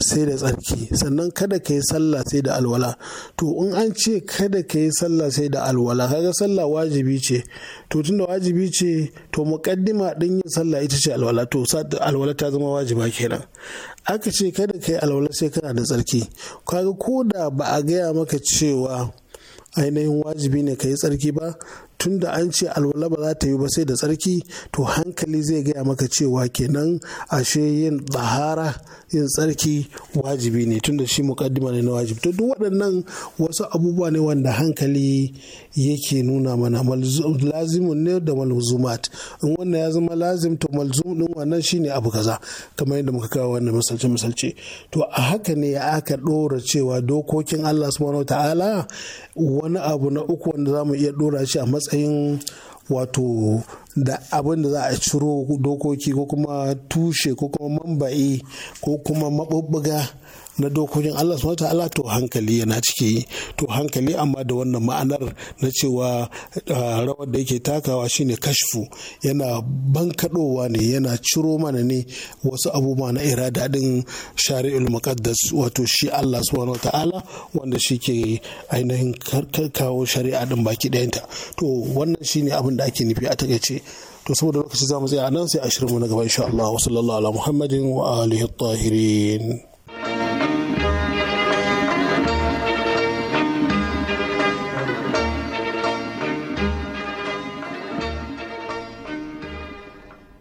sai da tsarki sannan kada ka yi sallah sai da alwala to in an ce kada ka yi sallah sai da alwala kaga sallah wajibi ce to tunda wajibi ce to muqaddima din yin sallah ita ce alwala to alwala ta zama wajiba kenan aka ce kada ka yi alwala sai kana da tsarki kaga ko da ba a gaya maka cewa ainihin wajibi ne ka yi tsarki ba tun da an ce alwala ba za ta yi ba sai da tsarki to hankali zai gaya maka cewa kenan ashe yin tsahara yin tsarki wajibi ne tun da shi mukaddima ne na wajibi to duk waɗannan wasu abubuwa ne wanda hankali yake nuna mana lazimun ne da malzumat in wannan ya zama lazim to malzum din wannan shine abu kaza kamar yadda muka kawo wannan misalce misalce to a haka ne aka dora cewa dokokin Allah subhanahu ta'ala wani abu na uku wanda zamu iya dora shi a matsayin wato da abin da za a ciro dokoki ko kuma tushe ko kuma mamba'i ko kuma mabubbuga na dokokin Allah wata ta'ala to hankali yana ciki to hankali amma da wannan ma'anar na cewa ah, rawar da yake takawa shine kashfu yana bankadowa ne yana ciro mana ne wasu abubuwa na irada din shari'ul muqaddas wato shi Allah subhanahu ta'ala wanda shi ke ainihin kawo shari'a din baki ɗayanta to wannan shine abin da ake nufi a takaice to saboda lokaci za mu tsaya a nan sai a mu na gaba insha Allah wa ala muhammadin wa alihi tahirin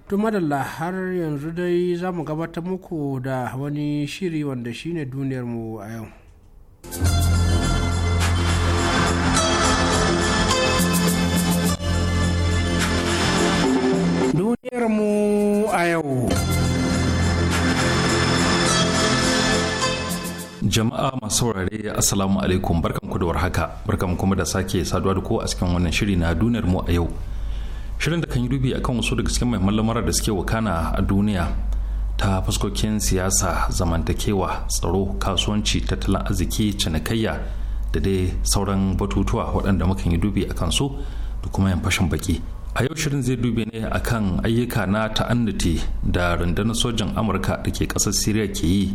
to madalla har yanzu dai za mu gabatar muku da wani shiri wanda shine duniyarmu a yau duniyarmu a yau jama'a masu saurare assalamu alaikum barkanku da warhaka barkan kuma da sake saduwa da ku a cikin wannan shiri na duniyarmu a yau shirin da kan yi dubi akan wasu daga cikin muhimman lamura da suke wakana a duniya ta fuskokin siyasa zamantakewa tsaro kasuwanci tattalin arziki cinikayya da dai sauran batutuwa waɗanda mukan yi dubi akan su da kuma yin fashin baki a yau shirin zai dubi ne akan ayyuka na ta'annati da rundunar sojan amurka da ke ƙasar siriya ke yi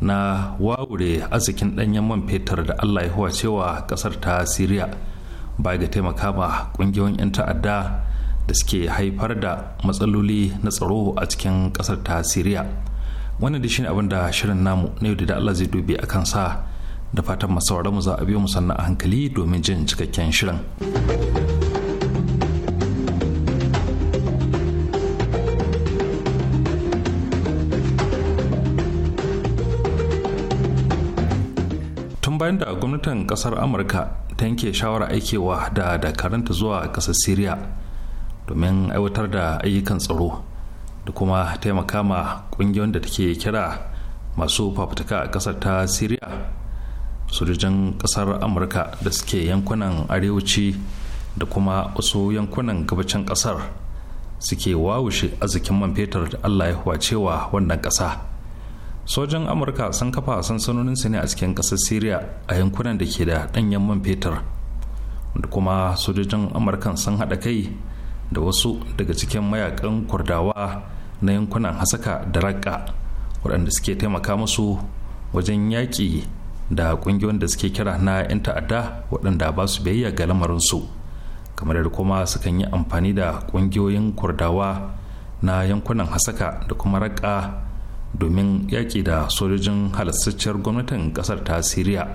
na wawure arzikin ɗanyen man fetur da allah ya cewa ƙasar ta siriya ba ga taimaka ba ƙungiyoyin 'yan ta'adda da suke haifar da matsaloli na tsaro a cikin kasar ta siriya wannan da shine abin da shirin namu na yau da allah zai dubi a kansa da fatan masauraran mu za a biyo mu a hankali domin jin cikakken shirin tun bayan da gwamnatin kasar amurka ta yanke shawara aikewa da dakaranta zuwa kasar siriya domin aiwatar da ayyukan tsaro da kuma taimaka ma ƙungiyoyin da take kira masu fafutuka a ƙasar ta syria sojojin ƙasar amurka da suke yankunan arewaci da kuma wasu yankunan gabacin ƙasar suke wawushe arzikin man fetur da allah ya cewa wannan ƙasa sojan amurka sun kafa sansanonin su ne a cikin ƙasar syria a yankunan da ke da ɗanyen man fetur da kuma sojojin amurkan sun haɗa kai da wasu daga cikin mayakan kurdawa na yankunan hasaka da raƙa waɗanda suke taimaka musu wajen yaƙi da ƙungiyoyin da suke kira na 'yan ta'adda waɗanda ba su biyayya ga lamarinsu kamar da kuma sukan yi amfani da ƙungiyoyin kurdawa na yankunan hasaka da kuma raƙa domin yaƙi da sojojin halastacciyar gwamnatin ƙasar ta siriya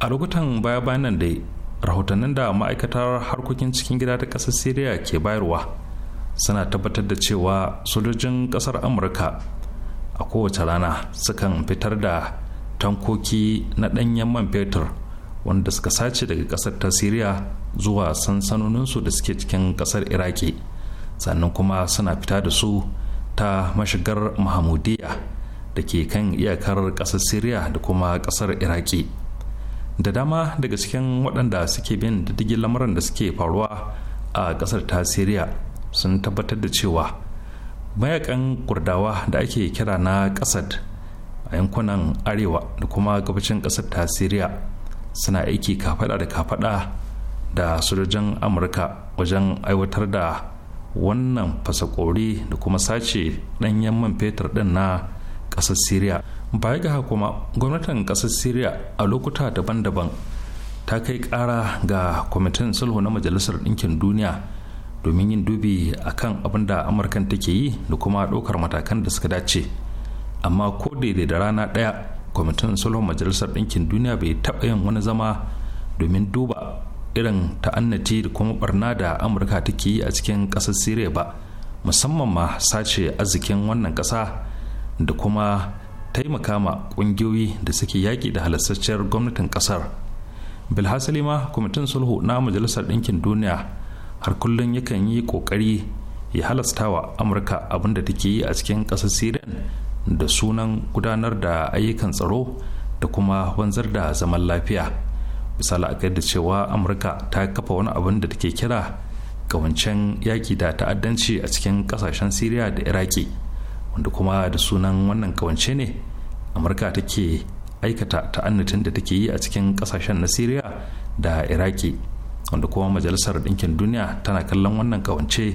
a lokutan baya-bayan nan dai rahotannin da ma'aikatar harkokin cikin gida ta ƙasar syria ke bayarwa suna tabbatar da cewa sojojin ƙasar amurka a kowace rana sukan fitar da tankoki na ɗanyen man fetur wanda suka sace daga ƙasar ta syria zuwa sansanoninsu da suke cikin ƙasar iraki sannan kuma suna fita da su ta mashigar mahamudiya da ke kan iyakar ƙasar syria da kuma ƙasar iraki da dama daga cikin waɗanda suke bin diddigi lamuran da suke faruwa a ƙasar ta siriya sun tabbatar da cewa mayakan kurdawa da ake kira na ƙasar a yankunan arewa da kuma gabacin ƙasar ta siriya suna aiki kafaɗa da kafaɗa da sojojin amurka wajen aiwatar da wannan fasakori da kuma sace ɗanyen man fetur ɗin na ƙasar siriya baya ga kuma gwamnatin ƙasar syria a lokuta daban-daban ta kai ƙara ga kwamitin sulhu na majalisar ɗinkin duniya domin yin dubi a kan abin da amurkan take yi da kuma ɗaukar matakan da suka dace amma ko daidai da rana ɗaya kwamitin sulhu majalisar ɗinkin duniya bai taɓa yin wani zama domin duba irin ta'annati da kuma barna da amurka take yi a cikin ƙasar siriya ba musamman ma sace arzikin wannan ƙasa da kuma taimaka ma kungiyoyi da suke yaƙi da halassacciyar gwamnatin ƙasar bilhassali ma kwamitin sulhu na majalisar ɗinkin duniya har kullum yakan yi ƙoƙari ya halasta wa amurka abin da take yi a cikin ƙasar sirian da sunan gudanar da ayyukan tsaro da kuma wanzar da zaman lafiya misali a da cewa amurka ta kafa wani abin da take kira ƙawancen yaƙi da ta'addanci a cikin ƙasashen siriya da iraki wanda kuma da sunan wannan kawance ne amurka take aikata ta'annatin da take yi a cikin kasashen na syria da iraki wanda kuma majalisar ɗinkin duniya tana kallon wannan kawance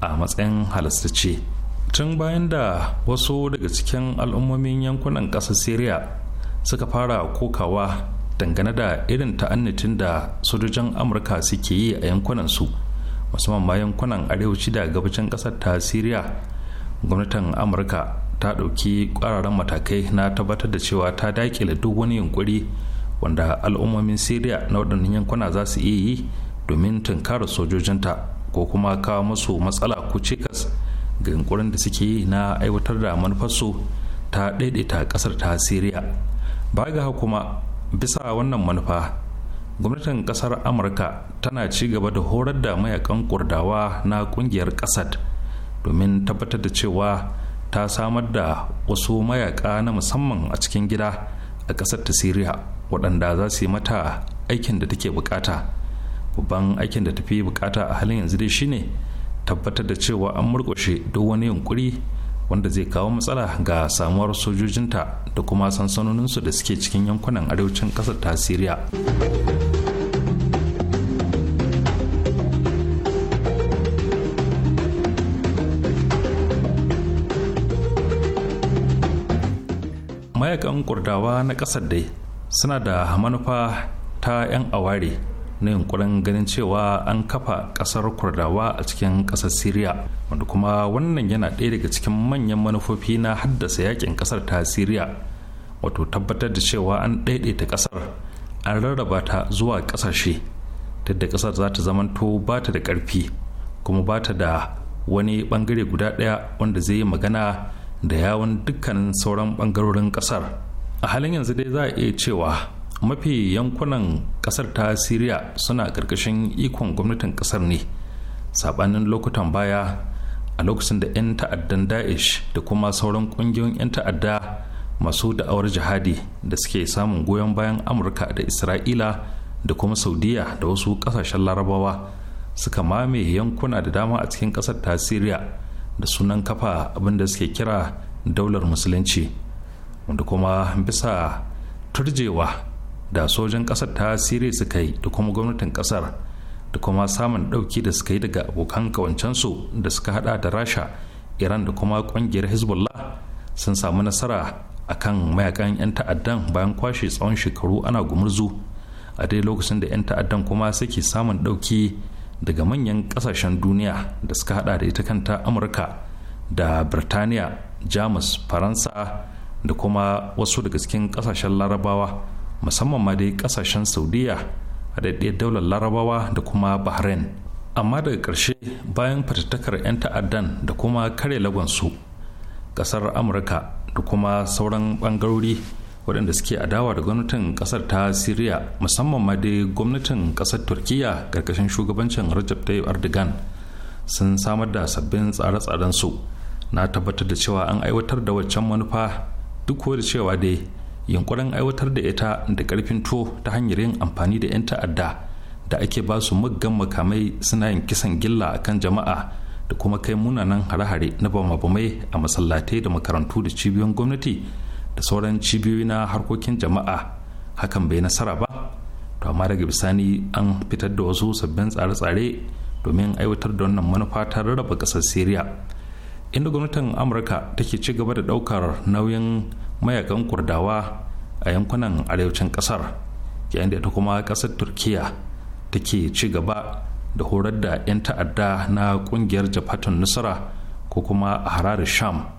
a matsayin halastace tun bayan da wasu daga cikin al'ummomin yankunan ƙasar syria suka fara kokawa dangane da irin ta'annatin da sojojin amurka suke yi a yankunan su musamman ma yankunan arewaci da gabacin kasar ta syria gwamnatin amurka ta ɗauki ƙwararren matakai na tabbatar da cewa ta daƙile duk wani yunkuri wanda al'ummomin syria na waɗannan yankuna za su iya yi domin tunkara sojojinta ko kuma kawo musu matsala ko cikas ga yunkurin da suke yi na aiwatar da manufarsu ta daidaita ƙasar ta syria ba ga kuma bisa wannan manufa gwamnatin ƙasar amurka tana ci gaba da horar da mayakan kurdawa na ƙungiyar ƙasar domin tabbatar da cewa ta samar da wasu mayaka na musamman a cikin gida a ƙasar ta siriya waɗanda za su yi mata aikin da take bukata babban aikin da tafi bukata a halin yanzu dai shine tabbatar da cewa an murƙushe duk wani yunkuri wanda zai kawo matsala ga samuwar sojojinta da kuma sansanoninsu da suke cikin yankunan arewacin ƙasar ta siriya mayakan kurdawa na ƙasar dai suna da manufa ta 'yan aware na yunkurin ganin cewa an kafa ƙasar kurdawa a cikin ƙasar syria wanda kuma wannan yana ɗaya daga cikin manyan manufofi na haddasa yakin ƙasar ta syria wato tabbatar da cewa an ɗaiɗaita ƙasar an rarraba ta zuwa ƙasashe duk da ƙasar za ta zamanto ba ta da ƙarfi kuma ba ta da wani ɓangare guda ɗaya wanda zai yi magana da yawon dukkanin sauran bangarorin kasar a halin yanzu dai za a iya cewa mafi yankunan kasar ta siriya suna ƙarƙashin ikon gwamnatin kasar ne sabanin lokutan baya a lokacin da 'yan ta'addan daesh da kuma sauran ƙungiyoyin 'yan ta'adda masu da'awar jihadi da suke samun goyon bayan amurka da isra'ila da kuma saudiya da wasu ƙasashen larabawa suka mame yankuna da dama a cikin ƙasar ta siriya da sunan kafa abin suke kira daular musulunci wanda kuma bisa turjewa da sojan ƙasar ta sire suka yi da kuma gwamnatin ƙasar da kuma samun ɗauki da suka yi daga abokan kawancensu da suka hada da rasha iran da kuma ƙungiyar hezbollah sun samu nasara a kan mayakan 'yan ta'addan bayan kwashe tsawon shekaru ana gumurzu a dai lokacin da 'yan ta'addan kuma suke samun ɗauki daga manyan kasashen duniya da suka hada da ita kanta amurka da birtaniya jamus faransa da kuma wasu daga cikin kasashen larabawa musamman ma dai kasashen saudiya a daidai daular larabawa da kuma bahrain amma daga ƙarshe bayan fatattakar 'yan ta'addan da kuma kare lagonsu ƙasar amurka da kuma sauran ɓangarori waɗanda suke adawa da gwamnatin ƙasar ta siriya musamman ma dai gwamnatin ƙasar turkiyya karkashin shugabancin rajab tayyip erdogan sun samar da sabbin tsare-tsaren su na tabbatar da cewa an aiwatar da waccan manufa duk da cewa dai yunkurin aiwatar da ita da ƙarfin to ta hanyar yin amfani da 'yan ta'adda da ake ba su muggan makamai suna yin kisan gilla a kan jama'a da kuma kai munanan hare-hare na bama-bamai a masallatai da makarantu da cibiyoyin gwamnati da sauran cibiyoyi na harkokin jama'a hakan bai nasara ba to amma daga bisani an fitar da wasu sabbin tsare-tsare domin aiwatar da wannan manufa ta rarraba ƙasar syria inda gwamnatin amurka take ci gaba da ɗaukar nauyin mayakan kurdawa a yankunan arewacin ƙasar yayin da ita kuma ƙasar turkiya take ci gaba da horar da 'yan ta'adda na ƙungiyar jafatun nusra ko kuma a hararar sham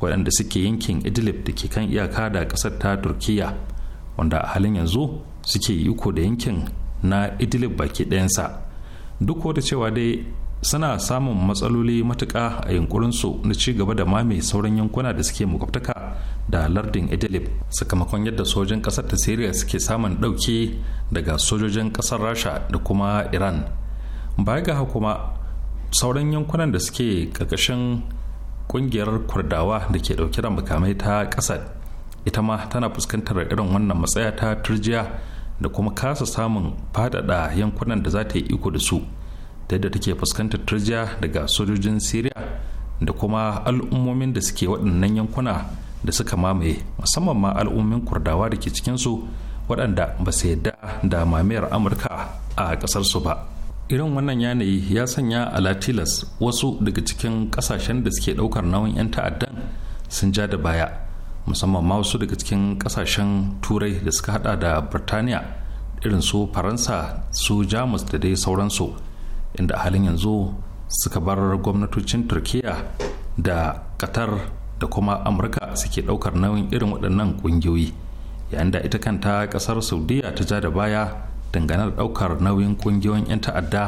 waɗanda suke yankin idlib da ke kan iyaka da ƙasar ta turkiya wanda a halin yanzu suke yi iko da yankin na idlib baki ɗayansa duk wata cewa dai suna samun matsaloli matuƙa a yunkurinsu na ci gaba da mame sauran yankuna da suke makwabtaka da lardin idlib sakamakon yadda sojin ƙasar ta syria suke samun ɗauke daga sojojin ƙasar rasha da kuma iran baya ga kuma sauran yankunan da suke ƙarƙashin kungiyar kurdawa da ke dauke da makamai ta kasar ita ma tana fuskantar irin wannan matsaya ta turjiya da kuma kasa samun fadada yankunan da za ta yi iko da su ta yadda take fuskantar turjiya daga sojojin siriya da kuma al'ummomin da suke waɗannan yankuna da suka mamaye musamman ma al'ummin kurdawa da ke cikinsu waɗanda ba su yadda da mamayar amurka a ƙasarsu ba irin wannan yanayi ya sanya a alatilas wasu daga cikin kasashen da suke daukar nauyin 'yan ta'addan sun ja da baya musamman ma wasu daga cikin kasashen turai da suka hada da birtaniya irin su faransa su jamus da dai sauransu inda halin yanzu suka bar gwamnatocin turkiya da qatar da kuma amurka suke daukar nauyin irin waɗannan ƙungiyoyi yayin da ita kanta ƙasar saudiya ta ja da baya dangane da ɗaukar nauyin ƙungiyoyin 'yan ta'adda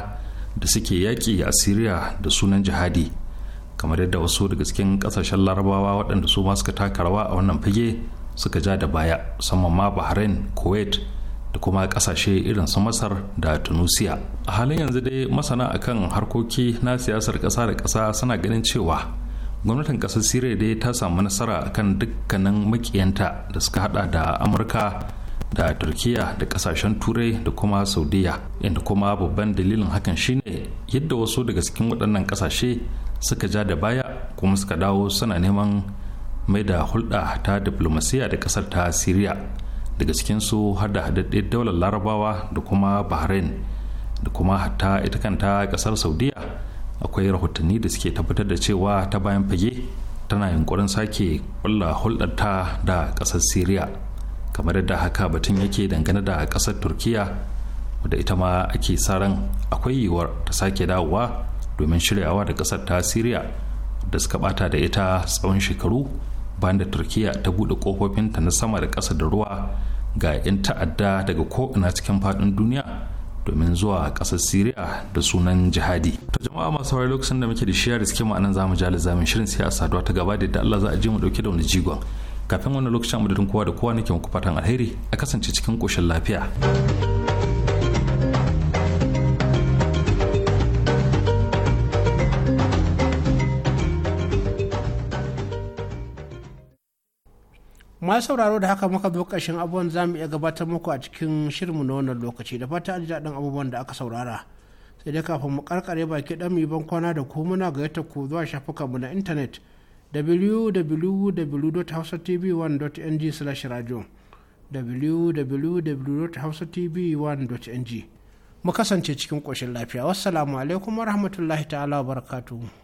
da suke yaƙi a siriya da sunan jihadi kamar yadda wasu daga cikin ƙasashen larabawa waɗanda su ma suka taka rawa a wannan fage suka ja da baya musamman ma bahrain kuwait da kuma ƙasashe irin su masar da tunisia a halin yanzu dai masana akan harkoki na siyasar ƙasa da ƙasa suna ganin cewa gwamnatin ƙasar siriya dai ta samu nasara akan dukkanin makiyanta da suka hada da amurka da turkiya da kasashen turai da kuma saudiya inda kuma babban dalilin hakan shine yadda wasu daga cikin waɗannan kasashe suka ja da baya kuma suka dawo suna neman mai da hulɗa ta diplomasiya da ƙasar ta siriya daga su har da haɗaɗɗe daular larabawa da kuma bahrain da kuma hatta ita kanta ƙasar saudiya akwai rahotanni da suke tabbatar da cewa ta bayan fage tana yunkurin sake kulla hulɗarta da ƙasar siriya kamar yadda haka batun yake dangane da kasar turkiya wadda ita ma ake sa ran akwai yiwuwar ta sake dawowa domin shiryawa da kasar ta siriya da suka bata da ita tsawon shekaru bayan da turkiya ta buɗe kofofinta na sama da ƙasa da ruwa ga 'yan ta'adda daga ko'ina cikin faɗin duniya domin zuwa ƙasar Siriya da sunan jihadi. ta jama'a masu wari lokacin da muke da shiyar da suke ma'anan zamu jali lizamin shirin siyasa saduwa ta gaba da Allah za a je mu dauke da wani jigon. kafin wani lokacin madadin kowa da kowa nake muku fatan alheri a kasance cikin koshin lafiya ma sauraro da haka muka zo ƙarshen abubuwan za mu iya gabatar muku a cikin shirinmu na wannan lokaci da fata an ji daɗin abubuwan da aka saurara sai dai kafin mu karkare baki ɗan mu ban kwana da ku muna yadda ku zuwa shafukanmu na intanet www.hausatv1.ng/radio www.hausatv1.ng mu kasance cikin ƙoshin lafiya wassalamu alaikum rahmatullahi ta'ala wa barakatuhu